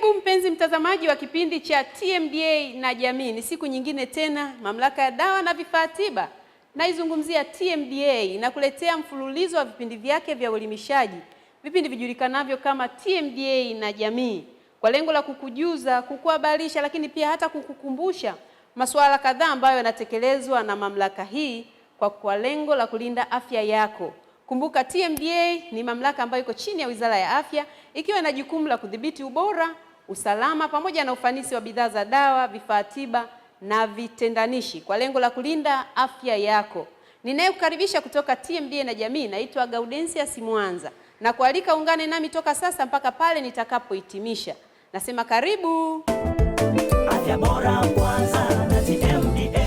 Karibu mpenzi mtazamaji wa kipindi cha TMDA na jamii. Ni siku nyingine tena, mamlaka ya dawa na vifaa tiba naizungumzia TMDA inakuletea mfululizo wa vipindi vyake vya uelimishaji, vipindi vijulikanavyo kama TMDA na jamii, kwa lengo la kukujuza, kukuhabarisha, lakini pia hata kukukumbusha masuala kadhaa ambayo yanatekelezwa na mamlaka hii kwa kwa lengo la kulinda afya yako. Kumbuka TMDA ni mamlaka ambayo iko chini ya Wizara ya Afya ikiwa na jukumu la kudhibiti ubora, usalama pamoja na ufanisi wa bidhaa za dawa, vifaa tiba na vitendanishi kwa lengo la kulinda afya yako. Ninayekukaribisha kutoka TMDA na jamii naitwa Gaudensia Simwanza na kualika ungane nami toka sasa mpaka pale nitakapohitimisha. Nasema karibu. Afya bora kwanza na TMDA.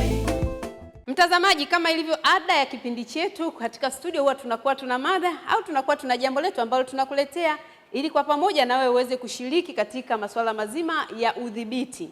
Mtazamaji, kama ilivyo ada ya kipindi chetu, katika studio huwa tunakuwa tuna mada au tunakuwa tuna jambo letu ambalo tunakuletea ili kwa pamoja nawe uweze kushiriki katika masuala mazima ya udhibiti.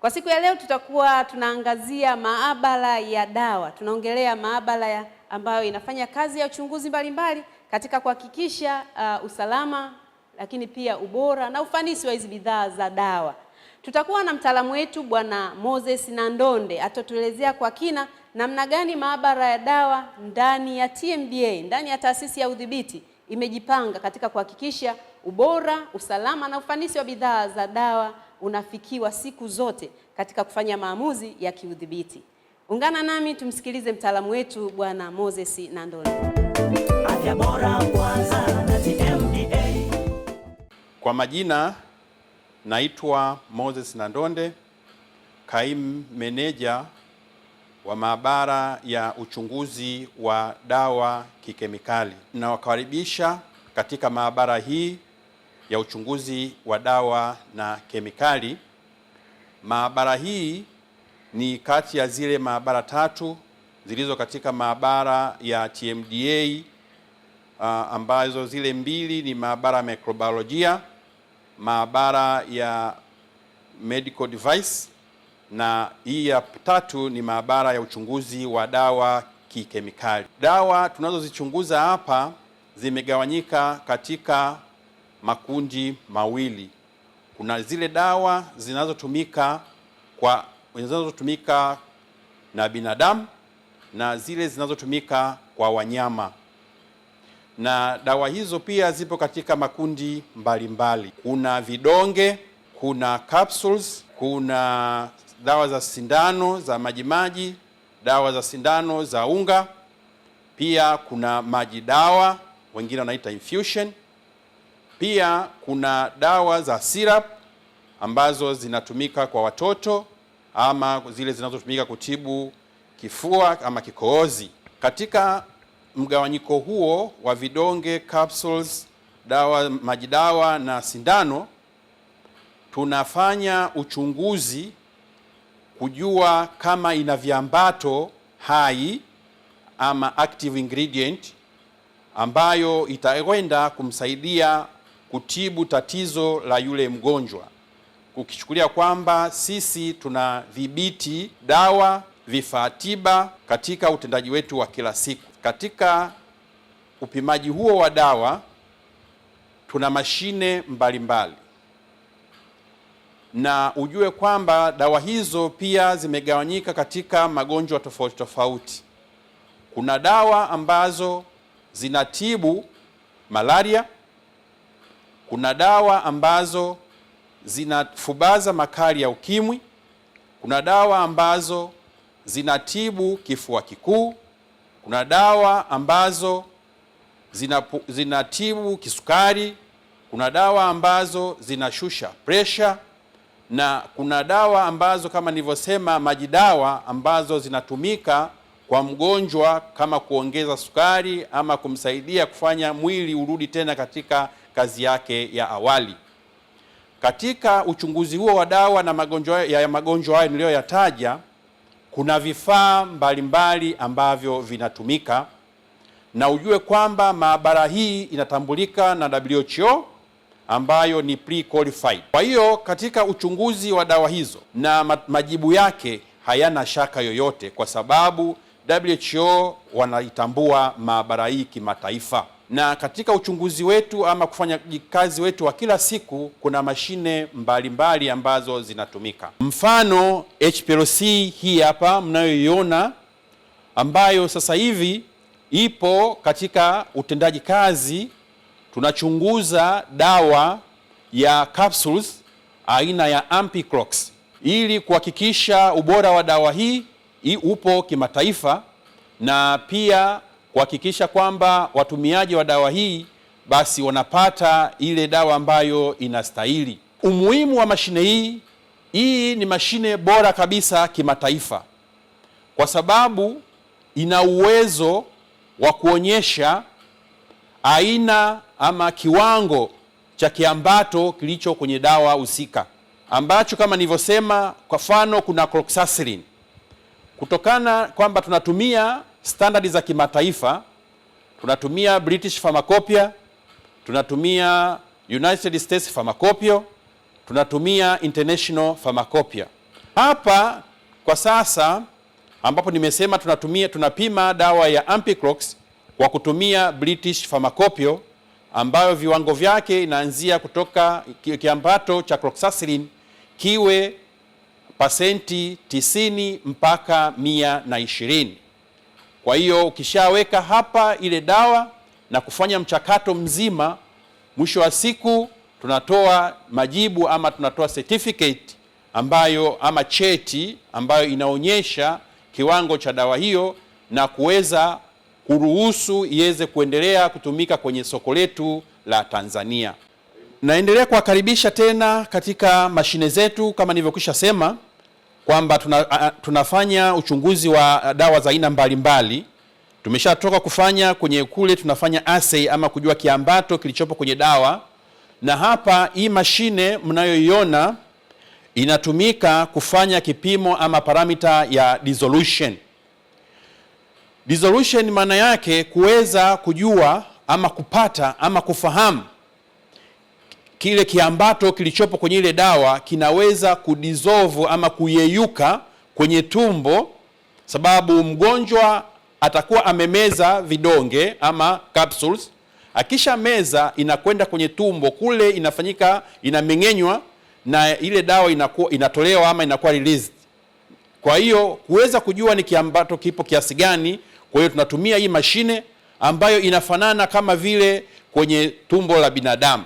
Kwa siku ya leo tutakuwa tunaangazia maabara ya dawa. Tunaongelea maabara ya ambayo inafanya kazi ya uchunguzi mbalimbali mbali katika kuhakikisha uh, usalama lakini pia ubora na ufanisi wa hizi bidhaa za dawa. Tutakuwa na mtaalamu wetu Bwana Moses Nandonde atatuelezea kwa kina namna gani maabara ya dawa ndani ya TMDA, ndani ya taasisi ya udhibiti imejipanga katika kuhakikisha ubora, usalama na ufanisi wa bidhaa za dawa unafikiwa siku zote katika kufanya maamuzi ya kiudhibiti. Ungana nami tumsikilize mtaalamu wetu Bwana Moses Nandole. Afya Bora Kwanza na TMDA. Kwa majina naitwa Moses Nandonde, kaimu meneja wa maabara ya uchunguzi wa dawa kikemikali. Ninawakaribisha katika maabara hii ya uchunguzi wa dawa na kemikali. Maabara hii ni kati ya zile maabara tatu zilizo katika maabara ya TMDA uh, ambazo zile mbili ni maabara ya microbiolojia, maabara ya medical device na hii ya tatu ni maabara ya uchunguzi wa dawa kikemikali. Dawa tunazozichunguza hapa zimegawanyika katika makundi mawili. Kuna zile dawa zinazotumika kwa zinazotumika na binadamu na zile zinazotumika kwa wanyama, na dawa hizo pia zipo katika makundi mbalimbali mbali. Kuna vidonge, kuna capsules, kuna dawa za sindano za majimaji, dawa za sindano za unga, pia kuna maji dawa, wengine wanaita infusion. Pia kuna dawa za syrup ambazo zinatumika kwa watoto ama zile zinazotumika kutibu kifua ama kikohozi. Katika mgawanyiko huo wa vidonge, capsules, dawa, majidawa na sindano tunafanya uchunguzi kujua kama ina viambato hai ama active ingredient ambayo itakwenda kumsaidia kutibu tatizo la yule mgonjwa, ukichukulia kwamba sisi tunadhibiti dawa, vifaa tiba katika utendaji wetu wa kila siku. Katika upimaji huo wa dawa tuna mashine mbalimbali mbali na ujue kwamba dawa hizo pia zimegawanyika katika magonjwa tofauti tofauti. Kuna dawa ambazo zinatibu malaria, kuna dawa ambazo zinafubaza makali ya ukimwi, kuna dawa ambazo zinatibu kifua kikuu, kuna dawa ambazo zinatibu kisukari, kuna dawa ambazo zinashusha pressure na kuna dawa ambazo kama nilivyosema, maji dawa ambazo zinatumika kwa mgonjwa kama kuongeza sukari ama kumsaidia kufanya mwili urudi tena katika kazi yake ya awali. Katika uchunguzi huo wa dawa na magonjwa ya magonjwa hayo niliyoyataja, kuna vifaa mbalimbali ambavyo vinatumika, na ujue kwamba maabara hii inatambulika na WHO ambayo ni pre-qualified. Kwa hiyo katika uchunguzi wa dawa hizo na majibu yake hayana shaka yoyote, kwa sababu WHO wanaitambua maabara hii kimataifa, na katika uchunguzi wetu ama kufanya kazi wetu wa kila siku kuna mashine mbalimbali mbali ambazo zinatumika, mfano HPLC hii hapa mnayoiona ambayo sasa hivi ipo katika utendaji kazi tunachunguza dawa ya capsules aina ya Ampiclox ili kuhakikisha ubora wa dawa hii hii upo kimataifa na pia kuhakikisha kwamba watumiaji wa dawa hii basi wanapata ile dawa ambayo inastahili. Umuhimu wa mashine hii hii ni mashine bora kabisa kimataifa, kwa sababu ina uwezo wa kuonyesha aina ama kiwango cha kiambato kilicho kwenye dawa husika, ambacho kama nilivyosema, kwa mfano kuna cloxacillin, kutokana kwamba tunatumia standardi za kimataifa, tunatumia British Pharmacopoeia, tunatumia United States Pharmacopoeia, tunatumia International Pharmacopoeia. Hapa kwa sasa ambapo nimesema tunatumia tunapima dawa ya Ampiclox kwa kutumia British Pharmacopoeia ambayo viwango vyake inaanzia kutoka kiambato cha cloxacillin kiwe pasenti 90 mpaka mia na ishirini. Kwa hiyo ukishaweka hapa ile dawa na kufanya mchakato mzima, mwisho wa siku tunatoa majibu ama tunatoa certificate ambayo ama cheti ambayo inaonyesha kiwango cha dawa hiyo na kuweza kuruhusu iweze kuendelea kutumika kwenye soko letu la Tanzania. Naendelea kuwakaribisha tena katika mashine zetu kama nilivyokwisha sema kwamba tuna, tunafanya uchunguzi wa dawa za aina mbalimbali. Tumeshatoka kufanya kwenye kule, tunafanya assay ama kujua kiambato kilichopo kwenye dawa, na hapa hii mashine mnayoiona inatumika kufanya kipimo ama paramita ya dissolution Dissolution maana yake kuweza kujua ama kupata ama kufahamu kile kiambato kilichopo kwenye ile dawa kinaweza kudisolve ama kuyeyuka kwenye tumbo, sababu mgonjwa atakuwa amemeza vidonge ama capsules. Akisha meza inakwenda kwenye tumbo kule, inafanyika inameng'enywa, na ile dawa inakuwa inatolewa ama inakuwa released. Kwa hiyo kuweza kujua ni kiambato kipo kiasi gani kwa hiyo tunatumia hii mashine ambayo inafanana kama vile kwenye tumbo la binadamu.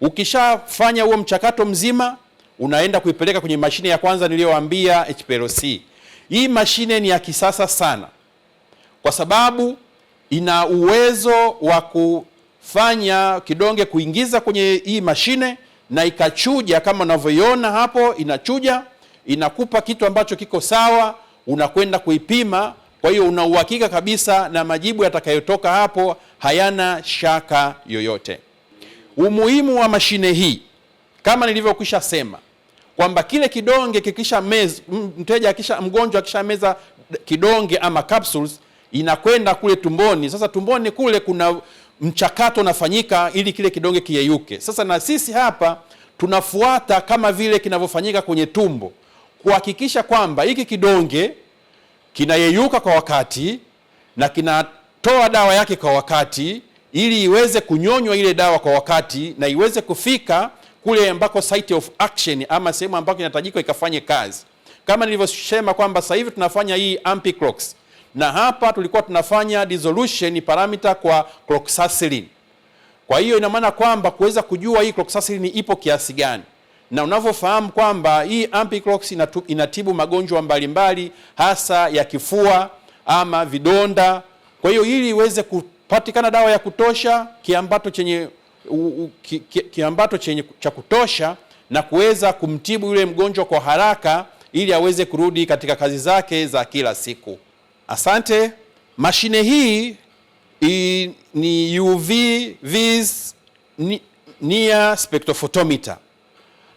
Ukishafanya huo mchakato mzima, unaenda kuipeleka kwenye mashine ya kwanza niliyowaambia HPLC. Hii mashine ni ya kisasa sana, kwa sababu ina uwezo wa kufanya kidonge kuingiza kwenye hii mashine na ikachuja kama unavyoiona hapo, inachuja, inakupa kitu ambacho kiko sawa, unakwenda kuipima kwa hiyo una uhakika kabisa na majibu yatakayotoka hapo hayana shaka yoyote. Umuhimu wa mashine hii kama nilivyokwisha sema kwamba kile kidonge kikisha meza, mteja akisha, mgonjwa akisha meza kidonge ama capsules inakwenda kule tumboni. Sasa tumboni kule kuna mchakato unafanyika ili kile kidonge kiyeyuke. Sasa na sisi hapa tunafuata kama vile kinavyofanyika kwenye tumbo kuhakikisha kwamba hiki kidonge kinayeyuka kwa wakati na kinatoa dawa yake kwa wakati, ili iweze kunyonywa ile dawa kwa wakati na iweze kufika kule ambako site of action ama sehemu ambako inahitajika ikafanye kazi. Kama nilivyosema kwamba sasa hivi tunafanya hii ampi clocks, na hapa tulikuwa tunafanya dissolution parameter kwa cloxacillin. Kwa hiyo ina maana kwamba kuweza kujua hii cloxacillin ipo kiasi gani na unavyofahamu kwamba hii Ampiclox inatibu magonjwa mbalimbali mbali, hasa ya kifua ama vidonda. Kwa hiyo ili iweze kupatikana dawa ya kutosha kiambato chenye u, u, ki, ki, kiambato chenye cha kutosha na kuweza kumtibu yule mgonjwa kwa haraka ili aweze kurudi katika kazi zake za kila siku. Asante. Mashine hii i, ni UV vis nia spectrophotometer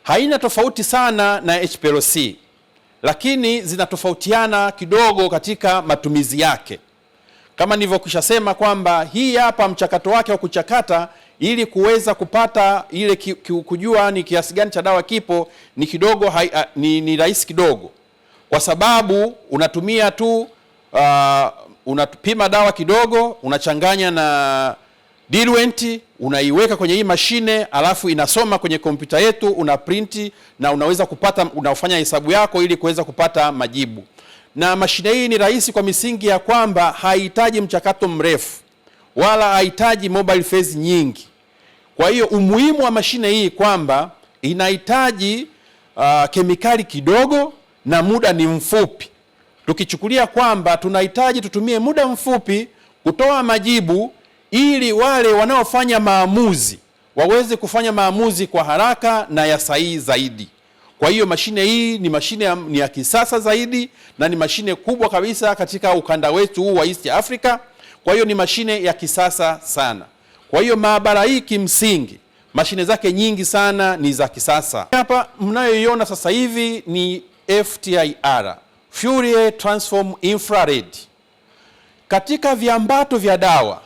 haina tofauti sana na HPLC, lakini zinatofautiana kidogo katika matumizi yake, kama nilivyokwisha sema kwamba hii hapa mchakato wake wa kuchakata ili kuweza kupata ile ki, ki, kujua ni kiasi gani cha dawa kipo ni kidogo hai, a, ni, ni rahisi kidogo, kwa sababu unatumia tu uh, unapima dawa kidogo unachanganya na diluent unaiweka kwenye hii mashine, alafu inasoma kwenye kompyuta yetu, una print na unaweza kupata, unafanya hesabu yako ili kuweza kupata majibu. Na mashine hii ni rahisi kwa misingi ya kwamba haihitaji mchakato mrefu wala hahitaji mobile phase nyingi. Kwa hiyo umuhimu wa mashine hii kwamba inahitaji uh, kemikali kidogo na muda ni mfupi. Tukichukulia kwamba tunahitaji tutumie muda mfupi kutoa majibu ili wale wanaofanya maamuzi waweze kufanya maamuzi kwa haraka na ya sahihi zaidi. Kwa hiyo mashine hii ni mashine ni ya kisasa zaidi na ni mashine kubwa kabisa katika ukanda wetu huu wa East Africa. Kwa hiyo ni mashine ya kisasa sana. Kwa hiyo maabara hii kimsingi mashine zake nyingi sana ni za kisasa. Hapa mnayoiona sasa hivi ni FTIR, Fourier Transform Infrared. Katika viambato vya dawa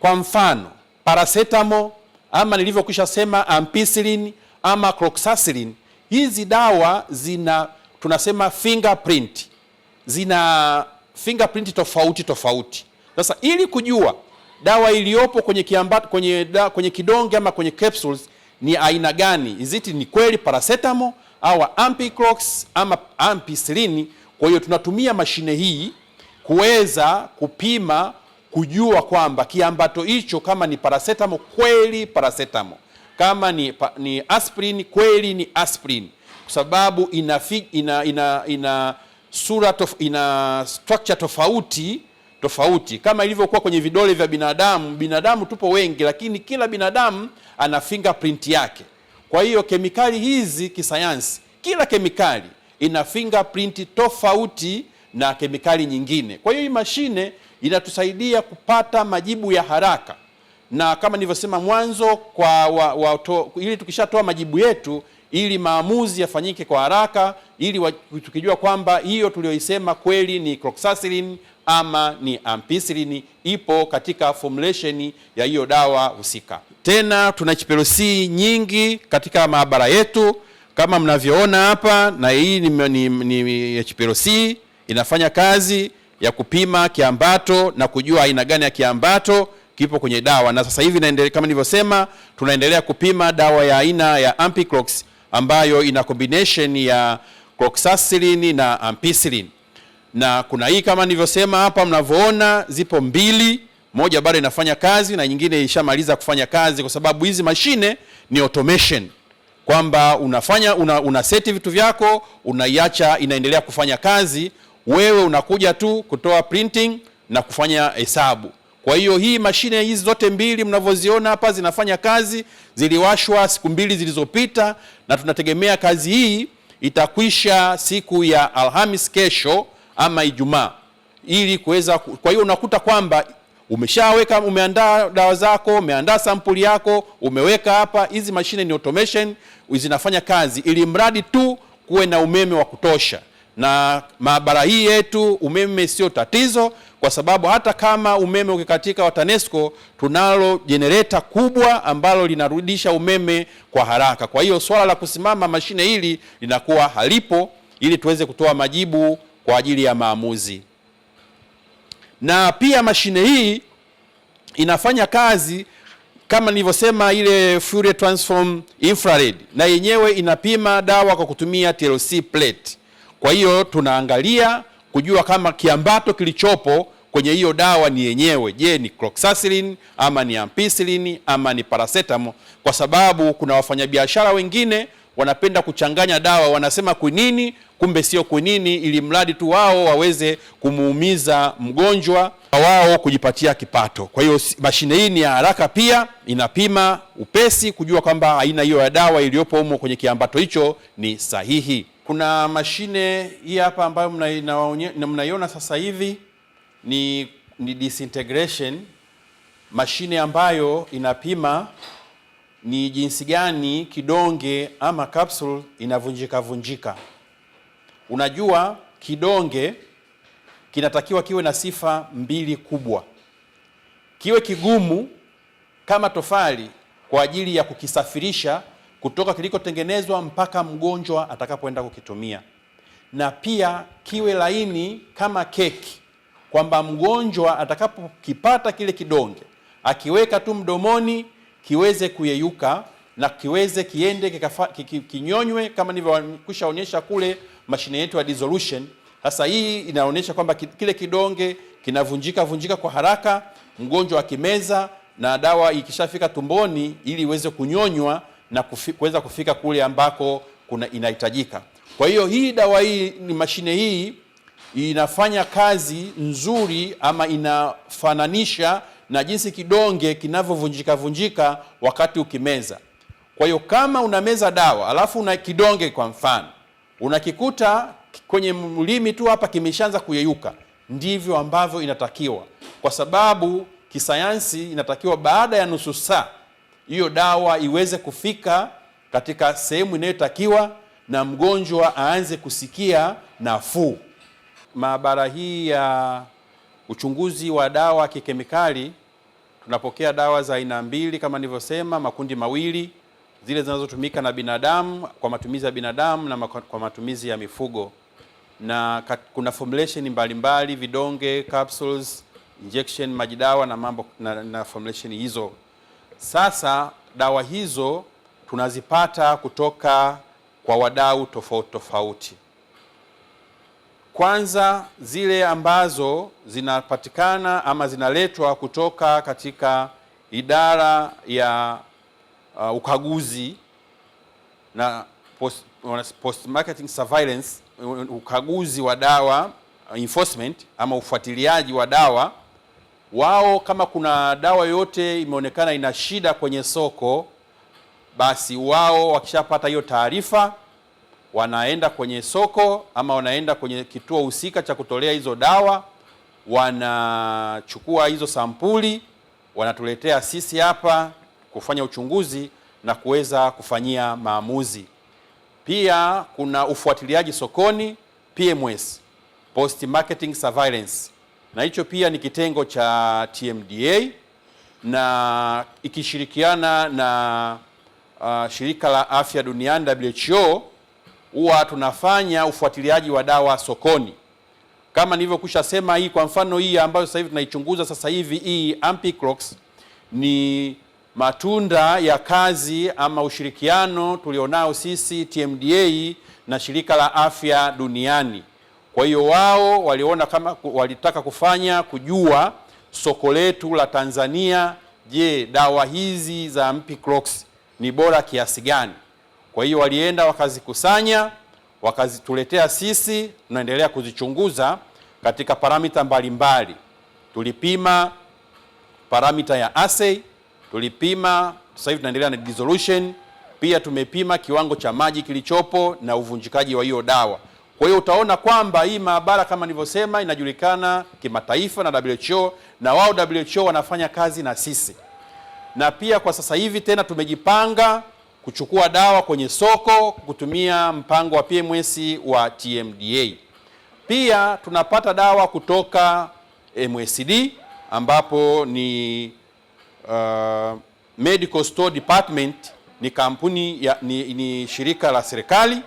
kwa mfano paracetamol ama nilivyokwisha sema ampicillin ama cloxacillin, hizi dawa zina tunasema fingerprint, zina fingerprint tofauti tofauti. Sasa ili kujua dawa iliyopo kwenye kiamba, kwenye, da, kwenye kidonge ama kwenye capsules ni aina gani, iziti ni kweli paracetamol au ampiclox ama ampicillin. Kwa hiyo tunatumia mashine hii kuweza kupima kujua kwamba kiambato hicho kama ni paracetamol kweli paracetamol, kama ni, ni aspirin kweli ni aspirin, kwa sababu ina, ina, ina, ina sura tof, ina structure tofauti tofauti kama ilivyokuwa kwenye vidole vya binadamu. Binadamu tupo wengi, lakini kila binadamu ana fingerprint yake. Kwa hiyo kemikali hizi kisayansi, kila kemikali ina fingerprint tofauti na kemikali nyingine. Kwa hiyo hii mashine inatusaidia kupata majibu ya haraka, na kama nilivyosema mwanzo kwa wa, wa to, ili tukishatoa majibu yetu ili maamuzi yafanyike kwa haraka, ili wa, tukijua kwamba hiyo tuliyoisema kweli ni cloxacillin ama ni ampicillin ipo katika formulation ya hiyo dawa husika. Tena tuna chiperosi nyingi katika maabara yetu kama mnavyoona hapa, na hii ni, ni, ni, ni inafanya kazi ya kupima kiambato na kujua aina gani ya kiambato kipo kwenye dawa, na sasa hivi naendelea, kama nilivyosema, tunaendelea kupima dawa ya aina ya Ampiclox ambayo ina combination ya cloxacillin na ampicillin, na kuna hii kama nilivyosema hapa, mnavyoona zipo mbili, moja bado inafanya kazi na nyingine ishamaliza kufanya kazi, kwa sababu hizi mashine ni automation kwamba unafanya una, una seti vitu vyako unaiacha inaendelea kufanya kazi wewe unakuja tu kutoa printing na kufanya hesabu. Kwa hiyo hii mashine hizi zote mbili mnavyoziona hapa zinafanya kazi, ziliwashwa siku mbili zilizopita, na tunategemea kazi hii itakwisha siku ya Alhamis kesho ama Ijumaa, ili kuweza. Kwa hiyo unakuta kwamba umeshaweka umeandaa dawa zako, umeandaa sampuli yako, umeweka hapa. Hizi mashine ni automation, zinafanya kazi, ili mradi tu kuwe na umeme wa kutosha na maabara hii yetu umeme sio tatizo, kwa sababu hata kama umeme ukikatika wa TANESCO tunalo jenereta kubwa ambalo linarudisha umeme kwa haraka. Kwa hiyo swala la kusimama mashine hili linakuwa halipo, ili tuweze kutoa majibu kwa ajili ya maamuzi. Na pia mashine hii inafanya kazi kama nilivyosema, ile Fourier transform infrared, na yenyewe inapima dawa kwa kutumia TLC plate. Kwa hiyo tunaangalia kujua kama kiambato kilichopo kwenye hiyo dawa ni yenyewe. Je, ni cloxacillin ama ni ampicillin ama ni paracetamol? Kwa sababu kuna wafanyabiashara wengine wanapenda kuchanganya dawa, wanasema kwinini, kumbe sio kwinini, ili mradi tu wao waweze kumuumiza mgonjwa wao kujipatia kipato. Kwa hiyo mashine hii ni ya haraka, pia inapima upesi kujua kwamba aina hiyo ya dawa iliyopo humo kwenye kiambato hicho ni sahihi. Kuna mashine hii hapa ambayo mnaiona sasa hivi ni, ni disintegration mashine ambayo inapima ni jinsi gani kidonge ama capsule inavunjika vunjika. Unajua, kidonge kinatakiwa kiwe na sifa mbili kubwa, kiwe kigumu kama tofali kwa ajili ya kukisafirisha kutoka kilikotengenezwa mpaka mgonjwa atakapoenda kukitumia, na pia kiwe laini kama keki, kwamba mgonjwa atakapokipata kile kidonge akiweka tu mdomoni kiweze kuyeyuka na kiweze kiende kikafa, kinyonywe kama nilivyokwisha onyesha kule mashine yetu ya dissolution. Sasa hii inaonyesha kwamba kile kidonge kinavunjika vunjika kwa haraka, mgonjwa akimeza na dawa ikishafika tumboni ili iweze kunyonywa na kufi, kuweza kufika kule ambako kuna inahitajika. Kwa hiyo hii dawa hii ni mashine hii inafanya kazi nzuri ama inafananisha na jinsi kidonge kinavyovunjika vunjika wakati ukimeza. Kwa hiyo kama unameza dawa alafu una kidonge kwa mfano unakikuta kwenye mlimi tu hapa kimeshaanza kuyeyuka, ndivyo ambavyo inatakiwa, kwa sababu kisayansi inatakiwa baada ya nusu saa hiyo dawa iweze kufika katika sehemu inayotakiwa na mgonjwa aanze kusikia nafuu. Maabara hii ya uchunguzi wa dawa kikemikali tunapokea dawa za aina mbili kama nilivyosema, makundi mawili, zile zinazotumika na binadamu kwa matumizi ya binadamu na kwa matumizi ya mifugo, na kuna formulation mbalimbali, vidonge, capsules, injection, majidawa na mambo na, na formulation hizo. Sasa dawa hizo tunazipata kutoka kwa wadau tofauti tofauti. Kwanza zile ambazo zinapatikana ama zinaletwa kutoka katika idara ya uh, ukaguzi na post, post marketing surveillance, ukaguzi wa dawa enforcement ama ufuatiliaji wa dawa wao kama kuna dawa yote imeonekana ina shida kwenye soko, basi wao wakishapata hiyo taarifa wanaenda kwenye soko ama wanaenda kwenye kituo husika cha kutolea hizo dawa, wanachukua hizo sampuli, wanatuletea sisi hapa kufanya uchunguzi na kuweza kufanyia maamuzi. Pia kuna ufuatiliaji sokoni, PMS, post marketing surveillance na hicho pia ni kitengo cha TMDA na ikishirikiana na uh, shirika la afya duniani WHO huwa tunafanya ufuatiliaji wa dawa sokoni kama nilivyokwisha sema. Hii kwa mfano hii ambayo sasa hivi tunaichunguza sasa hivi hii Ampicrox ni matunda ya kazi ama ushirikiano tulionao sisi TMDA na shirika la afya duniani. Kwa hiyo wao waliona kama walitaka kufanya kujua soko letu la Tanzania, je, dawa hizi za Ampiclox ni bora kiasi gani? Kwa hiyo walienda wakazikusanya, wakazituletea sisi, tunaendelea kuzichunguza katika paramita mbalimbali. Tulipima paramita ya assay, tulipima sasa hivi tunaendelea na dissolution, pia tumepima kiwango cha maji kilichopo na uvunjikaji wa hiyo dawa. Kwa hiyo utaona kwamba hii maabara kama nilivyosema inajulikana kimataifa na WHO na wao WHO wanafanya kazi na sisi, na pia kwa sasa hivi tena tumejipanga kuchukua dawa kwenye soko kutumia mpango wa PMS wa TMDA. Pia tunapata dawa kutoka MSD ambapo ni uh, Medical Store Department ni kampuni ya, ni, ni shirika la serikali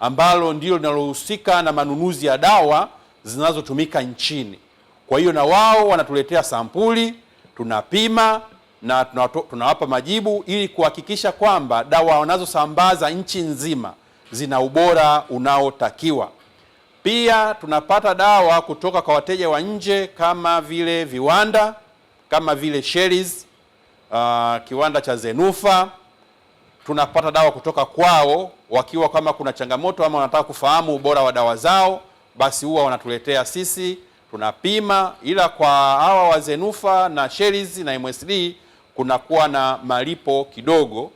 ambalo ndilo linalohusika na manunuzi ya dawa zinazotumika nchini. Kwa hiyo na wao wanatuletea sampuli, tunapima na tunawapa majibu ili kuhakikisha kwamba dawa wanazosambaza nchi nzima zina ubora unaotakiwa. Pia tunapata dawa kutoka kwa wateja wa nje kama vile viwanda kama vile Shellys, uh, kiwanda cha Zenufa tunapata dawa kutoka kwao wakiwa kama kuna changamoto ama wanataka kufahamu ubora wa dawa zao, basi huwa wanatuletea sisi, tunapima. Ila kwa hawa wa Zenufa na sheris na MSD kunakuwa na malipo kidogo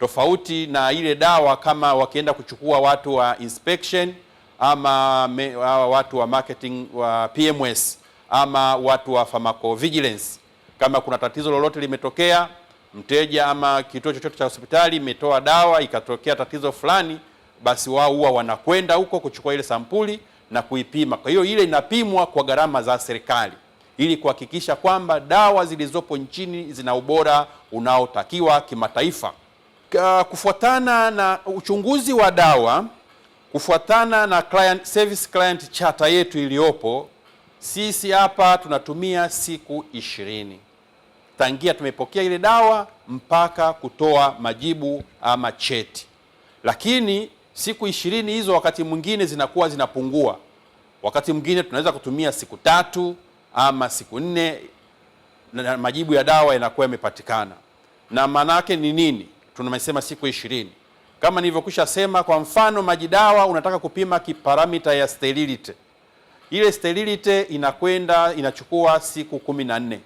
tofauti na ile dawa, kama wakienda kuchukua watu wa inspection ama me, watu wa marketing wa PMS ama watu wa pharmacovigilance. Kama kuna tatizo lolote limetokea mteja ama kituo chochote cha hospitali imetoa dawa ikatokea tatizo fulani, basi wao huwa wanakwenda huko kuchukua ile sampuli na kuipima. Kwa hiyo ile inapimwa kwa gharama za serikali ili kuhakikisha kwamba dawa zilizopo nchini zina ubora unaotakiwa kimataifa. Kufuatana na uchunguzi wa dawa, kufuatana na client, service client charter yetu iliyopo, sisi hapa tunatumia siku ishirini tangia tumepokea ile dawa mpaka kutoa majibu ama cheti. Lakini siku ishirini hizo wakati mwingine zinakuwa zinapungua, wakati mwingine tunaweza kutumia siku tatu ama siku nne na majibu ya dawa yanakuwa yamepatikana. Na maana yake ni nini? Tunamesema siku ishirini kama nilivyokwisha sema. Kwa mfano maji dawa unataka kupima kiparamita ya sterility, ile sterility inakwenda inachukua siku kumi na nne.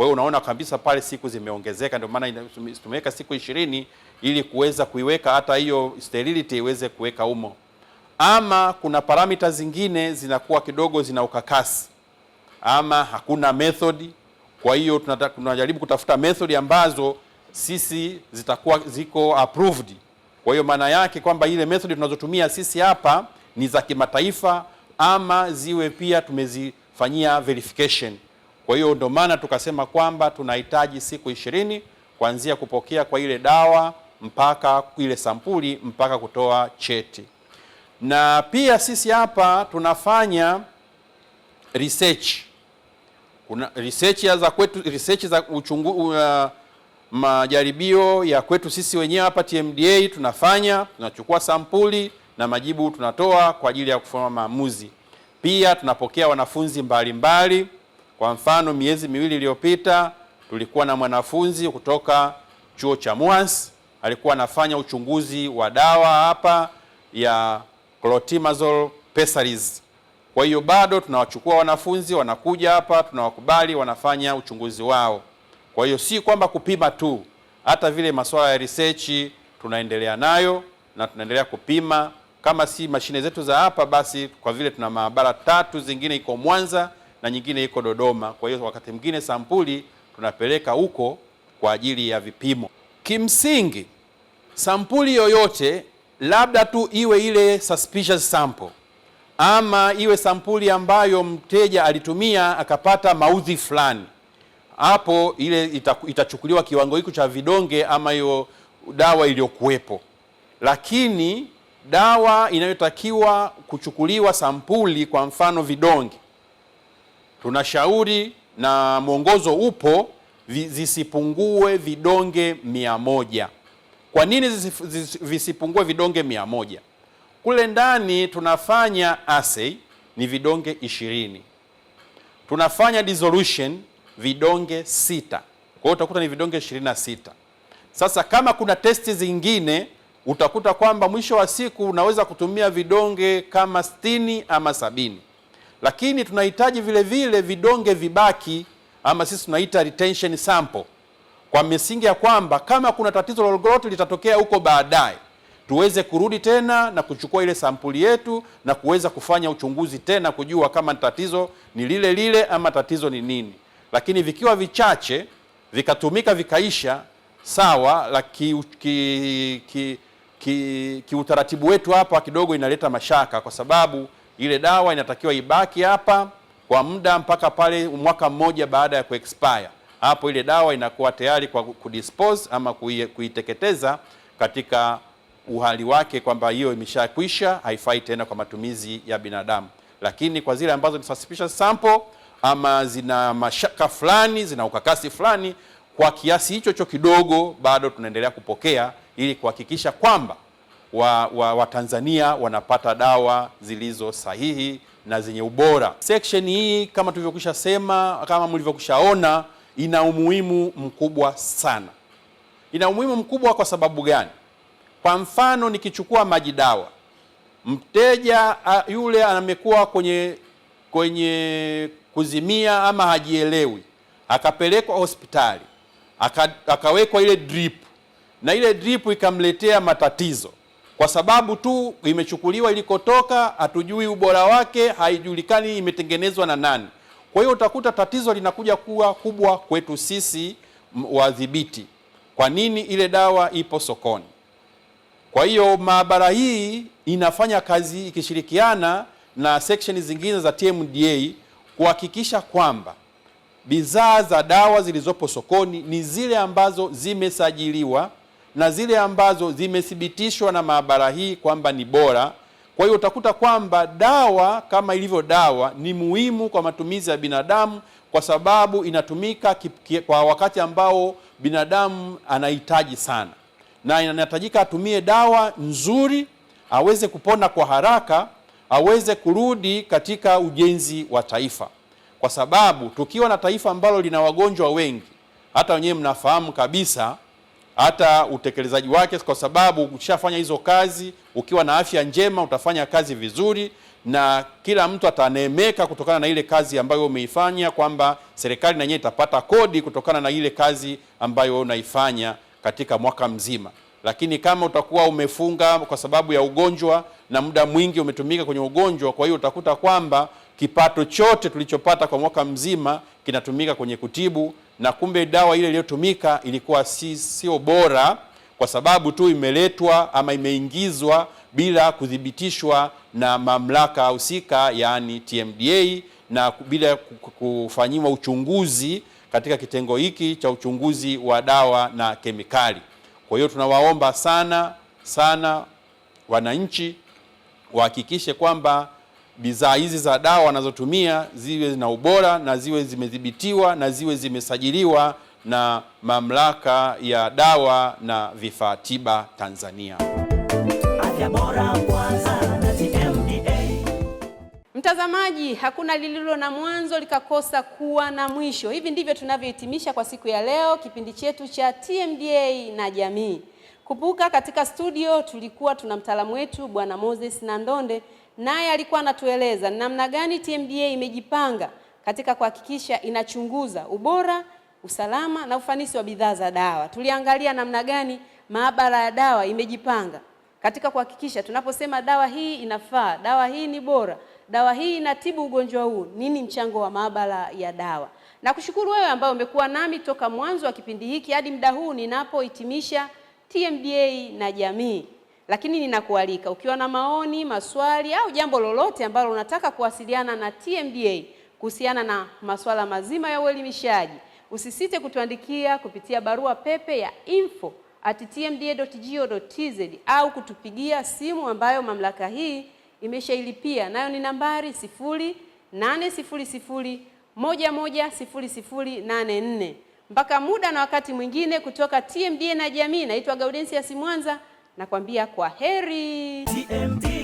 Kwa hiyo unaona kabisa pale siku zimeongezeka, ndio maana tumeweka siku ishirini ili kuweza kuiweka hata hiyo sterility iweze kuweka umo. Ama kuna paramita zingine zinakuwa kidogo zina ukakasi, ama hakuna method. Kwa hiyo tunajaribu kutafuta method ambazo sisi zitakuwa ziko approved. Kwa hiyo maana yake kwamba ile method tunazotumia sisi hapa ni za kimataifa ama ziwe pia tumezifanyia verification. Kwa hiyo ndio maana tukasema kwamba tunahitaji siku ishirini kuanzia kupokea kwa ile dawa mpaka ile sampuli mpaka kutoa cheti. Na pia sisi hapa tunafanya research. Kuna research za kwetu, research za uchungu, uh, majaribio ya kwetu sisi wenyewe hapa TMDA tunafanya, tunachukua sampuli na majibu tunatoa kwa ajili ya kufanya maamuzi. Pia tunapokea wanafunzi mbalimbali mbali. Kwa mfano, miezi miwili iliyopita tulikuwa na mwanafunzi kutoka chuo cha MUHAS alikuwa anafanya uchunguzi wa dawa hapa ya clotimazole pessaries. Kwa hiyo bado tunawachukua wanafunzi, wanakuja hapa, tunawakubali, wanafanya uchunguzi wao. Kwa hiyo si kwamba kupima tu, hata vile masuala ya research tunaendelea nayo na tunaendelea kupima. Kama si mashine zetu za hapa, basi kwa vile tuna maabara tatu zingine iko Mwanza na nyingine iko Dodoma. Kwa hiyo wakati mwingine sampuli tunapeleka huko kwa ajili ya vipimo. Kimsingi sampuli yoyote, labda tu iwe ile suspicious sample ama iwe sampuli ambayo mteja alitumia akapata maudhi fulani, hapo ile itachukuliwa kiwango hiko cha vidonge ama hiyo dawa iliyokuwepo, lakini dawa inayotakiwa kuchukuliwa sampuli, kwa mfano vidonge tunashauri na mwongozo upo zisipungue vidonge mia moja. Kwa nini visipungue vidonge mia moja? Kule ndani tunafanya assay ni vidonge ishirini, tunafanya dissolution vidonge sita, kwa utakuta ni vidonge ishirini na sita. Sasa kama kuna testi zingine utakuta kwamba mwisho wa siku unaweza kutumia vidonge kama stini ama sabini lakini tunahitaji vile vile vidonge vibaki, ama sisi tunaita retention sample, kwa misingi ya kwamba kama kuna tatizo lolote litatokea huko baadaye tuweze kurudi tena na kuchukua ile sampuli yetu na kuweza kufanya uchunguzi tena kujua kama tatizo ni lile lile ama tatizo ni nini. Lakini vikiwa vichache vikatumika vikaisha, sawa, la ki, ki, ki, ki, ki wetu hapa kidogo inaleta mashaka kwa sababu ile dawa inatakiwa ibaki hapa kwa muda mpaka pale mwaka mmoja baada ya kuexpire. Hapo ile dawa inakuwa tayari kwa kudispose ama kuiteketeza katika uhali wake, kwamba hiyo imeshakwisha, haifai tena kwa matumizi ya binadamu. Lakini kwa zile ambazo ni suspicious sample ama zina mashaka fulani, zina ukakasi fulani, kwa kiasi hicho cho kidogo bado tunaendelea kupokea ili kuhakikisha kwamba Watanzania wa, wa wanapata dawa zilizo sahihi na zenye ubora. Section hii kama tulivyokwisha sema, kama mlivyokushaona, ina umuhimu mkubwa sana. Ina umuhimu mkubwa kwa sababu gani? Kwa mfano nikichukua maji dawa, mteja yule amekuwa kwenye kwenye kuzimia ama hajielewi, akapelekwa hospitali aka, akawekwa ile drip na ile drip ikamletea matatizo kwa sababu tu imechukuliwa ilikotoka, hatujui ubora wake, haijulikani imetengenezwa na nani. Kwa hiyo utakuta tatizo linakuja kuwa kubwa kwetu sisi wadhibiti, kwa nini ile dawa ipo sokoni. Kwa hiyo maabara hii inafanya kazi ikishirikiana na section zingine za TMDA kuhakikisha kwamba bidhaa za dawa zilizopo sokoni ni zile ambazo zimesajiliwa na zile ambazo zimethibitishwa na maabara hii kwamba ni bora. Kwa hiyo utakuta kwamba dawa kama ilivyo dawa ni muhimu kwa matumizi ya binadamu, kwa sababu inatumika kwa wakati ambao binadamu anahitaji sana, na inahitajika atumie dawa nzuri, aweze kupona kwa haraka, aweze kurudi katika ujenzi wa taifa, kwa sababu tukiwa na taifa ambalo lina wagonjwa wengi, hata wenyewe mnafahamu kabisa hata utekelezaji wake, kwa sababu ukishafanya hizo kazi ukiwa na afya njema utafanya kazi vizuri, na kila mtu ataneemeka kutokana na ile kazi ambayo umeifanya, kwamba serikali na yenyewe itapata kodi kutokana na ile kazi ambayo unaifanya katika mwaka mzima. Lakini kama utakuwa umefunga kwa sababu ya ugonjwa na muda mwingi umetumika kwenye ugonjwa, kwa hiyo utakuta kwamba kipato chote tulichopata kwa mwaka mzima kinatumika kwenye kutibu na kumbe dawa ile iliyotumika ilikuwa si sio bora kwa sababu tu imeletwa ama imeingizwa bila kuthibitishwa na mamlaka husika, yaani TMDA, na bila kufanyiwa uchunguzi katika kitengo hiki cha uchunguzi wa dawa na kemikali. Kwa hiyo tunawaomba sana sana wananchi wahakikishe kwamba bidhaa hizi za dawa wanazotumia ziwe na ubora na ziwe zimedhibitiwa na ziwe zimesajiliwa na Mamlaka ya Dawa na Vifaa Tiba Tanzania. Mtazamaji, hakuna lililo na mwanzo likakosa kuwa na mwisho. Hivi ndivyo tunavyohitimisha kwa siku ya leo kipindi chetu cha TMDA na jamii. Kumbuka, katika studio tulikuwa tuna mtaalamu wetu Bwana Moses Nandonde naye alikuwa anatueleza namna gani TMDA imejipanga katika kuhakikisha inachunguza ubora, usalama na ufanisi wa bidhaa za dawa. Tuliangalia namna gani maabara ya dawa imejipanga katika kuhakikisha tunaposema dawa hii inafaa, dawa hii ni bora, dawa hii inatibu ugonjwa huu, nini mchango wa maabara ya dawa. Na kushukuru wewe ambao umekuwa nami toka mwanzo wa kipindi hiki hadi muda huu ninapohitimisha TMDA na jamii. Lakini ninakualika ukiwa na maoni, maswali au jambo lolote ambalo unataka kuwasiliana na TMDA kuhusiana na masuala mazima ya uelimishaji, usisite kutuandikia kupitia barua pepe ya info at tmda.go.tz au kutupigia simu ambayo mamlaka hii imeshailipia, nayo ni nambari 0800110084. Mpaka muda na wakati mwingine, kutoka TMDA na jamii, naitwa Gaudensia Simwanza nakwambia kwa heri TMT.